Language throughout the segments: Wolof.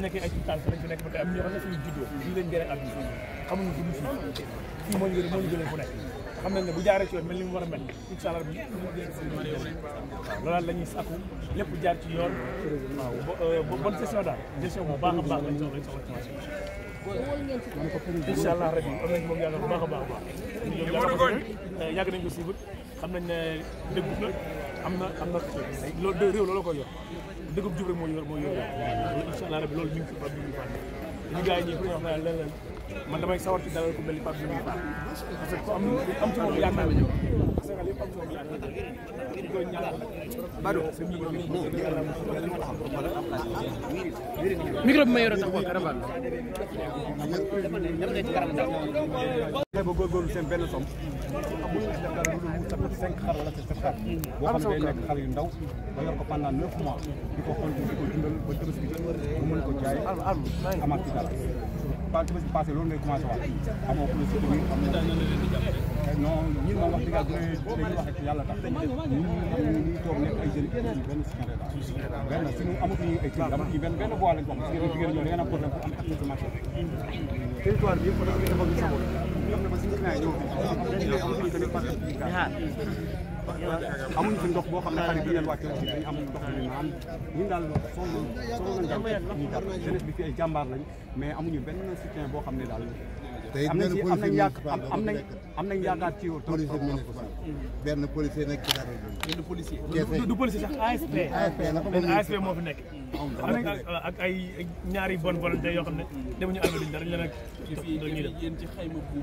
ñu nekkee ay tànk lañ fi nekk ba tey am ñoo xam ne suñu juddoo fii lañ gën a am xamuñu dund fii fii moo ñu gën moo ñu jëlee war a mel incha allah bi loolu la ñuy lépp jaar ci yoon waaw euh, gestion daal gestion bu baax a baax lañ soxla soxla incha allah a baax a baax euh, yàgg ko siibut xam nañ ne déggu la am na am na loolu de réew loolu koy yor dëggub jub rek moo yor moo yor incha allah rabbi loolu mi ngi fi Pape Djibril Fall ñu gars yi ñi pour wax naa leen leen man damay sawar ci dalal ku mel ni Pape Djibril Fall parce que am am ci moom yaakaar la Sénégal yëpp am ci moom yaakaar ñu koy ñaanal Badou micro bi ma yoroon tax fexe ba góorgóorlu seen benn somme bu ñu def dara lu dul wut cinq xar wala sept xar boo xam ne day nekk xar yu ndaw ba yor ko pendant neuf mois di ko xool di ko dundal ba tabaski bu mën ko jaay amaat ci dara ba tabaski passé loolu ngay commencé waat amoo ku la si biir am non ñun moom wax dëgg yàlla bu dee wax rek yàlla tax ñun ñu toog nekk ay jeunes benn signal benn suñu amatuñu ay kër amatuñu benn benn bois lañ ko am parce que jigéen ñoo da ngeen am problème pour am accès ci marché territoire bi yëpp dafa gis sa bopp amuñ fi ndox boo xam ne xarit bi leen wàcce aussi dañu am ndox bu ñu naan ñun daal soxla soxla nañ daal ñu jàpp jeunesse bi fi ay jàmbaar lañ mais amuñu benn soutien boo xam ne daal am nañ ci am na yaakaar am nañ am nañ yaakaar ci yow. policier municipal benn policier nekk ci dara. benn policier du du policier sax ASP. ASP naka moo fi nekk. ak ay ñaari bonne volonté yoo xam ne demuñu ànd duñ dara ñu leen ak. yéen ci xayma bu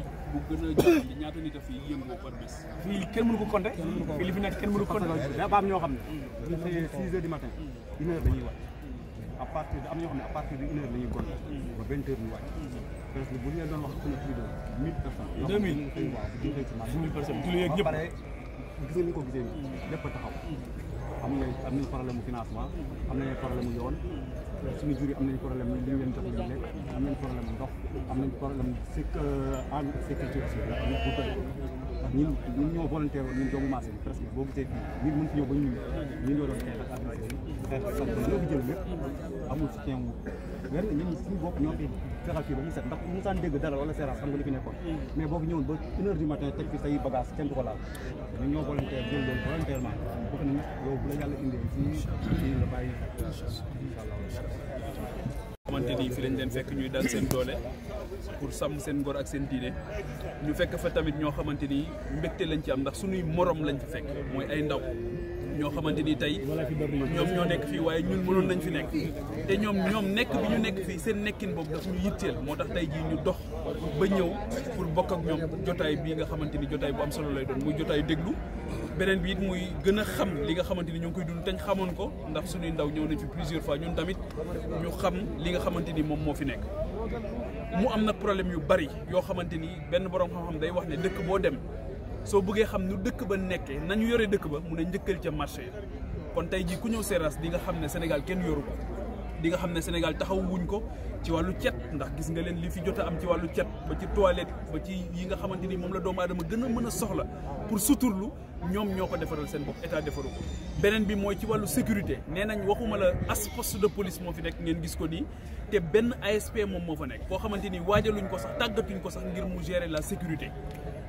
bu gën a jàpp ñaata nit a fi yëngu par bés. fii kenn mënu ko compter. kenn mënu ko compter li fi nekk kenn mënu ko compter. ñoo xam ne. c'est six heures heure dañuy wax. à partir am ñoo xam ne à partir de une heure la ñuy gontu ba vingt heures ñu wàcc parce que bu ñu leen doon wax ku ne plus de ba pare gis ni ko gisee lépp a taxaw am nga am nañu problème mu financement am nañu problème mu yoon suñu jur am nañu problème li ñu leen jox ñu lekk am nañu problème ndox ñun ñun ñoo volontaire woon ñun doomu marché bi presque boo gisee fii ñun mën fi ñëw ba ñun ñun ñoo doon xeex ak affaire yi ñoo fi jël lépp amul soutien wu ren ñun suñu bopp ñoo fi fexal fii ba mu xam nga li fi nekkoon mais boo fi ñëwoon ba une heure du matin teg fi say bagage kenn du ko laal ñun ñoo volontaire jël loolu volontairement bu ko ne yow bu la yàlla indee fii fii la bàyyi incha xamante ni fi lañ leen fekk ñuy daan seen doole pour sàmm seen ngor ak seen diine ñu fekk fa tamit ñoo xamante ni mbégte lañ ci am ndax suñuy morom lañ fa fekk mooy ay ndaw ñoo xamante ni tey ñoom ñoo nekk fii waaye ñun mënoon nañ fi nekk te ñoom ñoom nekk bi ñu nekk fii seen nekkin boobu daf ñu yitteel moo tax tey jii ñu dox ba ñëw pour bokk ak ñoom jotaay bii nga xamante ni jotaay bu am solo lay doon muy jotaay déglu beneen bi it muy gën a xam li nga xamante ni ñoo ngi koy dund teñ xamoon ko ndax suñuy ndaw ñëw nañ fi plusieurs fois ñun tamit ñu xam li nga xamante ni moom moo fi nekk mu am nag problème yu bari yoo xamante ni benn borom xam day wax ne dëkk boo dem soo bëggee xam nu dëkk ba nekkee nañu yore dëkk ba mu a njëkkal ca marché kon tey jii ku ñëw Seras di nga xam ne Sénégal kenn yoru ko nga xam ne Sénégal taxaw wuñ ko ci wàllu cet ndax gis nga leen li fi jot am ci wàllu cet ba ci toilette ba ci yi nga xamante ni moom la doomu aadama gën a mën a soxla pour suturlu ñoom ñoo ko defaral seen bopp état defaru ko beneen bi mooy ci wàllu sécurité nee nañ waxuma la as poste de police moo fi nekk ngeen gis ko nii te benn ASP moom moo fa nekk koo xamante ni waajaluñ ko sax tàggatuñ ko sax ngir mu gérer la sécurité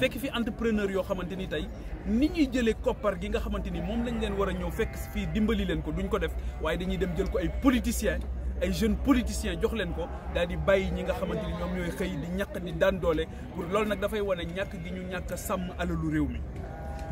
fekk fi entrepreneur yoo xamante ni tey ni ñuy jëlee koppar gi nga xamante ni moom lañ leen war a ñëw fekk fii dimbali leen ko duñu ko def waaye dañuy dem jël ko ay politiciens ay jeunes politiciens jox leen ko daal di bàyyi ñi nga xamante ni ñoom ñooy xëy di ñàkk ni daan doole pour loolu nag dafay wane ñàkk gi ñu ñàkk sàmm alalu réew mi.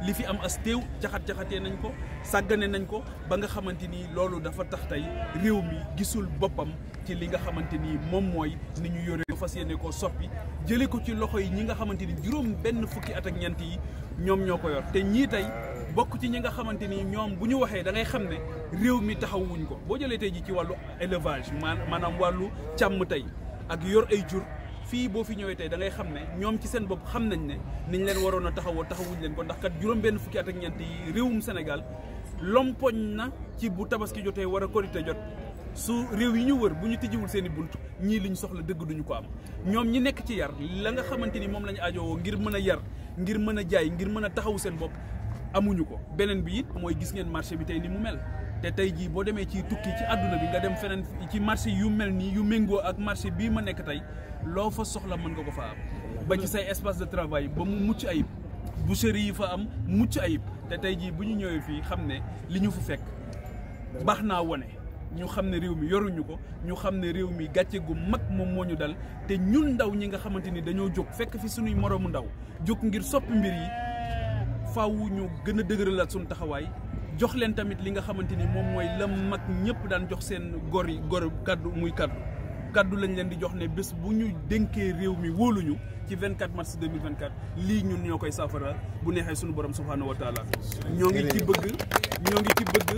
li fi am as teew jaxat-jaxatee nañ ko sàggane nañ ko ba nga xamante ni loolu dafa tax tey réew mi gisul boppam ci li nga xamante ni moom mooy ni ñu yore fas yéene koo soppi jële ko ci loxo yi ñi nga xamante ni juróom benn fukki at ak ñeent yi ñoom ñoo ko yor te ñii tey bokk ci ñi nga xamante ni ñoom bu ñu waxee da ngay xam ne réew mi taxawuñ ko boo jëlee tey ji ci wàllu élevage maanaam wàllu càmm tey ak yor ay jur fii boo fi ñëwee tey dangay xam ne ñoom ci seen bopp xam nañ ne niñ leen waroon a taxawoo taxawuñ leen ko ndax kat juróom-benn fukki at ak ñeent yi réewum Sénégal lompoñ na ci bu tabaski jotee wara a korite jot su réew yi ñu wër bu ñu tijjiwul seen i bunt ñii li ñu soxla dëgg duñu ko am ñoom ñi nekk ci yar la nga xamante ni moom lañu ajowoo ngir mën a yar ngir mën a jaay ngir mën a taxawu seen bopp amuñu ko beneen bi it mooy gis ngeen marché bi tey mu mel te tey jii boo demee ci tukki ci àdduna bi nga dem feneen ci marché yu mel nii yu méngoo ak marché bii ma nekk tey loo fa soxla mën nga ko fa am ba ci say espace de travail ba mu mucc ayib boucherie yi fa am mucc ayib te tey jii bu ñu ñëwee fii xam ne li ñu fa fekk baax naa wone ñu xam ne réew mi yoruñu ko ñu xam ne réew mi gàcce gu mag moom moo ñu dal te ñun ndaw ñi nga xamante ni dañoo jóg fekk fi suñuy moroomu ndaw jóg ngir soppi mbir yi faaw ñu gën a dëgëralaat suñu taxawaay jox leen tamit li nga xamante ni moom mooy la mag ñëpp daan jox seen gor yi gor kaddu muy kaddu kàddu lañ leen di jox ne bés bu ñu dénkee réew mi wóoluñu ci 24 mars 2024 lii ñun ñoo koy saafara bu neexee suñu borom subhaanahu wa taala ñoo ngi ci bëgg ñoo ngi ci bëgg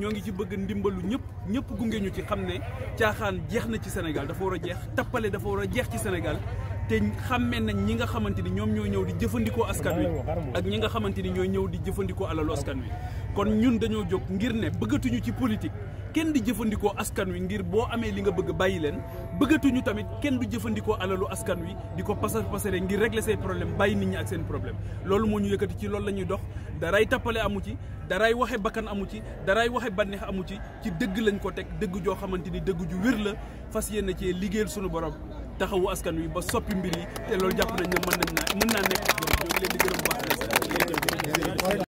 ñoo ngi ci bëgg ndimbalu ñëpp ñëpp gunge ñu ci xam ne caaxaan jeex na ci Sénégal dafa war a jeex tappale dafa war a jeex ci Sénégal te xàmmee nañ ñi nga xamante ni ñoom ñoo ñëw di jëfandikoo askan wi ak ñi nga xamante ni ñooy ñëw di jëfandikoo alalu askan wi kon ñun dañoo jóg ngir ne bëggatuñu ci politique kenn di jëfandikoo askan wi ngir boo amee li nga bëgg bàyyi leen bëggatuñu tamit kenn du jëfandikoo alalu askan wi di ko pasar pasare ngir régler seen problème bàyyi nit ñi ak seen problème loolu moo ñu yëkkati ci loolu la ñuy dox daray tappale amu ci daray waxe bakkan amu ci daray waxe bànneex amu ci ci dëgg lañ ko teg dëgg joo xamante ni dëgg ju wér la fas yéene ci liggéeyal suñu borom taxawu askan wi ba soppi mbir yi te loolu jàpp nañ ma mën nañ naa mën naa nekk ñoom ñoo leen di gërëm baax